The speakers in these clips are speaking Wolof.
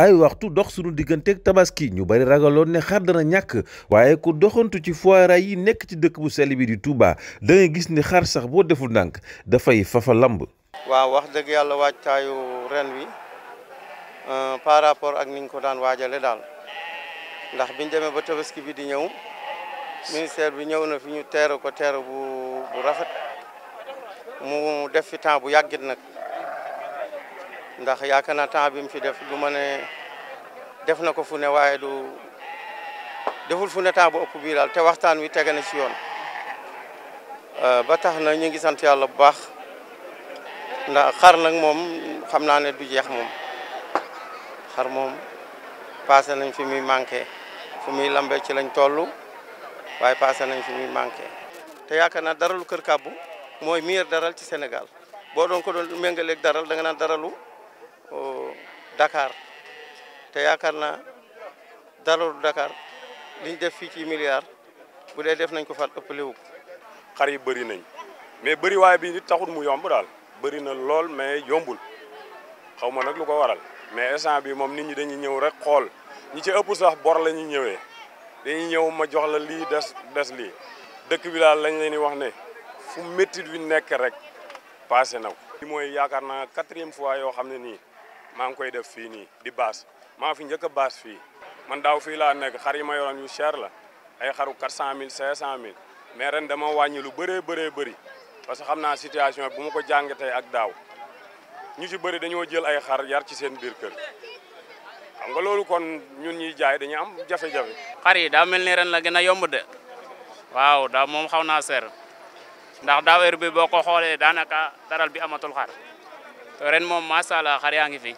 ay waxtu dox sunu digganteeg tabaski ñu bari ragaloon ne xar dana ñàkk waaye ku doxantu ci foiraay yi nekk ci dëkk bu sell bi di Touba da gis ni xar sax boo deful ndànk dafay fafa lamb. waaw wax dëgg yàlla waajtaayu ren wi euh, par rapport ak niñ ko daan waajale daal ndax biñ demee ba tabaski bi di ñëw ministère bi ñëw na fi ñu teeru ko teeru bu bu rafet mu def fi temps bu yàggit nag. ndax yaakaar naa temps bi mu fi def du mané def nako fu né waye du deful fu né temps bu upp bi dal té waxtaan wi tégué na ci yoon euh, ba tax na ñi ngi sant yalla bu baax ndax xar nak mom xamna né du jeex mom xar mom passé nañ fi mi manké fu mi lambé ci lañ tollu waye passé nañ fi mi manké té daralu kër moy mir daral ci Sénégal bo don ko don daral da nga daralu dakaar te yaakaar naa dalalu dakaar liñ def fii ci milliard bu dee def nañ ko fat ëpp léwu xar yi bëri nañ mais bëri waaye bi nit taxul mu yomb daal bëri na lool mais yombul xaw ma nag lu ko waral mais instant bi moom nit ñi dañuy ñëw rek xool ñi ci ëpp sax bor la ñuy ñëwee dañuy ñëw ma jox la lii des des lii dëkk bi daal lañ leen di wax ne fu métti wi nekk rek passé na ko. mooy yaakaar naa quatrième fois yoo xam ne nii. maa ngi koy def fii nii di baas maa fi njëkk a baas fii man daaw fii laa nekk xar yi ma yoroon yu cher la ay xaru 400000 500000 mais ren dama wàññi lu bëree bëree bëri parce que xam naa situation bu ma ko jàngee ak daaw ñu ci bëri dañoo jël ay xar yar ci seen biir kër xam nga loolu kon ñun ñuy jaay dañuy am jafe-jafe. xar yi daa mel ni ren la gën a yomb de waaw daaw moom xaw naa seer ndax daaw heure bi boo ko xoolee daanaka daral bi amatul xar. te ren ma sha allah xar yaangi fi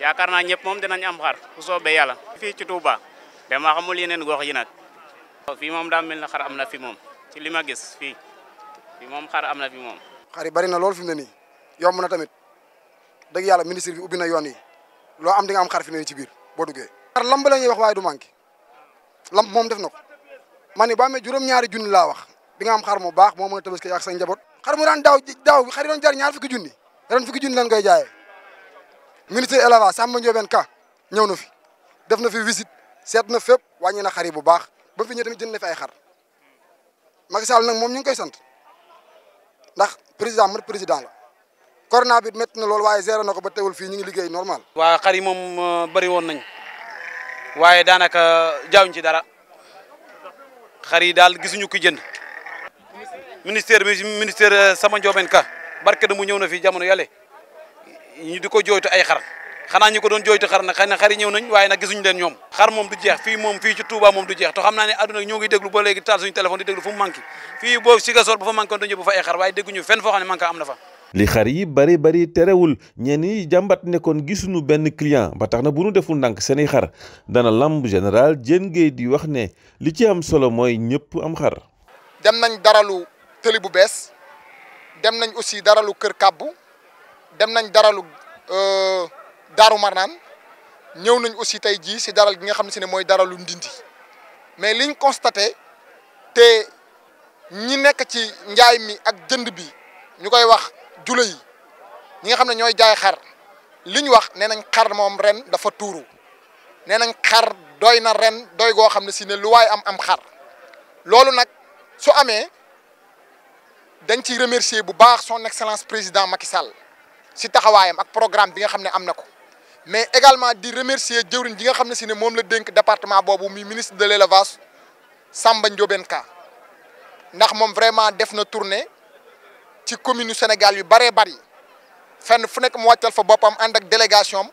ya naa ñëpp mom dinañ am xar bu soobee yalla fi ci Touba dama xamul yeneen gox yi nak fi mom da melni xar amna fi mom ci lima gis fi fi mom xar amna fi mom xar bari na lol fi melni yom na tamit deug yalla ministre bi ubbi na yoon yi lo am di nga am xar fi mu ci bir bo duggee. xar lamb lañuy wax way du manki lamb mom def nako ko ba me boo ñaari junni la wax bi nga am xar mu baax moo mo tabaski ak sa njabot xar mu daan daw xar yi jar ñaar ko jundi ren fukki junni lañ koy jaayee minister élevage Samba Ndiobène Ka ñëw na fi def na fi visite seet na fépp wàññi na xar yi bu baax ba fi ñëw tamit jënd na fi ay xar Macky Sall nag moom ñu koy sant ndax président mat président la corona bi métti na loolu waaye géré na ko ba tewul fii ñu ngi liggéey normal. waa xar yi moom euh, bari woon nañ waaye daanaka jaawuñ ci dara xar yi daal gisuñu ko jënd ministère bi ministère euh, Samba Ndiobène Ka. barke da mu ñëw na fi jamono yàlla ñu di ko jooytu ay xar xanaa ñu ko doon jooytu xar nag xëy na xar ñëw nañ waaye na gisuñu leen ñoom xar moom du jeex fii moom fii ci Touba moom du jeex te xam naa ne àdduna ñoo ngi déglu ba léegi taal suñu téléphone di déglu fu mu manqué fii boo Sigasor ba fa manqué woon dañu bu fa ay xar waaye dégguñu fenn foo xam ne manqué am na fa li xar bari bari terewul ñenn yi jàmbat nekkoon gisuñu benn client ba tax na bu nu deful ndànk seeni xar dana lamb général Diène Gueye di wax ne li ci am solo mooy ñëpp am xar dem nañ daralu tëli bu bees dem nañ aussi daralu Kër Kàbbu dem nañ daralu euh, Daaru Marnaan ñëw nañ aussi tey jii si dara gi nga xam ne si ne mooy dara daralu Ndindi mais liñ constaté te ñi nekk ci njaay mi ak jënd bi ñu koy wax jule yi ñi nga xam ne ñooy jaay xar li ñu wax nee nañ xar moom ren dafa tuuru nee nañ xar doy na ren doy goo xam ne si ne lu waay am am xar loolu nag su amee dañ ci remercier bu baax son excellence président Macky Sall si taxawaayam ak programme bi nga xamné ne ko mais également di remercier jëwriñ gi nga xamné ne si ne la dénk département bobu mi ministre de l'élevage Samba Ndiobène Ka ndax mom vraiment def na tournée ci commune Sénégal yu bëree bëri fenn fu nek mu wàccal fa bopam ànd ak délégation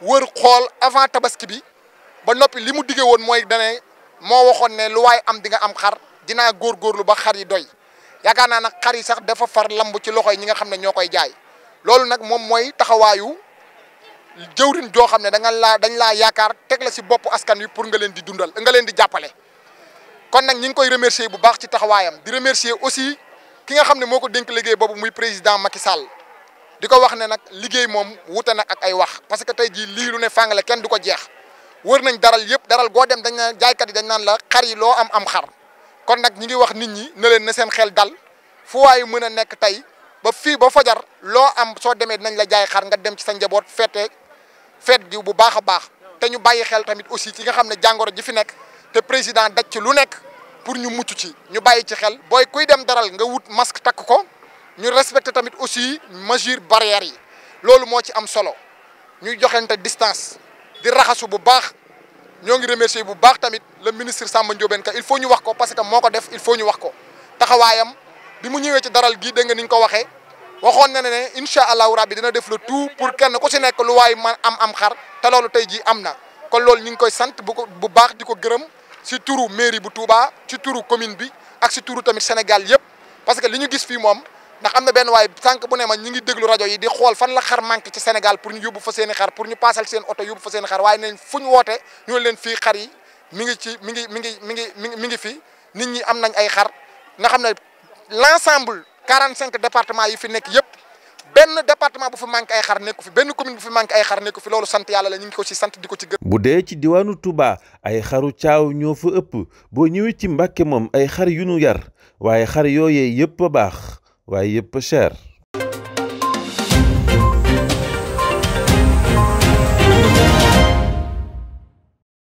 wër xol avant tabaski bi ba nopi limu mu won moy mooy mo waxone né ne lu am di nga am xar gor góorgóorlu ba xar yi doy yakana nak nag xar yi sax dafa far lamb ci loxoy ñi nga xamne ñokoy jaay loolu nak mom moy taxawayu jeewrin joo xamne da nga la dañ la yaakaar tek la ci bop askan wi pour nga leen di dundal nga leen di jappalé kon nak ñi ngi koy remercier bu baax ci taxawayam di remercier aussi ki nga xamne moko denk liggey dénk muy président Macky Sall di wax ne nak liggey mom wuta nak ak ay wax parce que tay ji li lu ne kenn duko jeex wër nañ daral yépp daral go dem dañ naan jaaykat yi dañ nan la xari lo am am xar kon nak ñi ngi wax nit ñi ne leen na seen xel dal fu way mëna a nekk ba fi ba fajar lo am so démé nañ la jaay xar nga dem ci sa njabot fété feet gi bu baaxa baax té ñu bayyi xel tamit aussi ci nga xamné jangoro di ji fi nekk te président dacc lu nekk pour ñu muccu ci ñu bayyi ci xel boy kuy dem daral nga wut masque tak ko ñu respecté tamit aussi mesure barrière yi lolu mo ci am solo ñu joxente distance di raxasu bu baax ñongi remercier bu baax tamit le ministre Samba Ndiobène Ka il faut ñu wax ko parce que moko def il faut ñu wax ko taxawayam bi mu ñëwee ci daral gi de nga niñ ko waxé waxon na né inshallah incha rabbi dina def le tout pour kenn ku ci nek lu am am xar té lolu tay ji amna na kon loolu ñu koy sante bu baax diko ko ci turu mairie bu Touba ci turu commune bi ak ci turu tamit Sénégal yépp parce que li ñu gis fi moom. ndax am na benn waaye sànq bu ne ma ñu ngi déglu rajo yi di xool fan la xar manqué ci Sénégal pour ñu yóbbu fa seen i xar pour ñu paasal seen oto yóbbu fa seen i xar waaye nañ fu ñu woote ñu leen fii xar yi mi ngi ci mi ngi mi ngi mi ngi mi ngi mi ngi fi ni ñi am nañ ay xar na xam ne l'ensemble 45 departement yi fi nekk yëpp benn département bu fi manqué ay xar nekku fi benn commune bu fi manqué ay xar nekku fi loolu sant yàlla la ñu ngi ko ci sant di ko ci gën. bu dee ci diwaanu Touba ay xaru caaw ñoo fa ëpp boo ñëwee ci Mbàkke moom ay xar yu nu yar waaye xar yooyee yëpp baax. waaye yëpp cher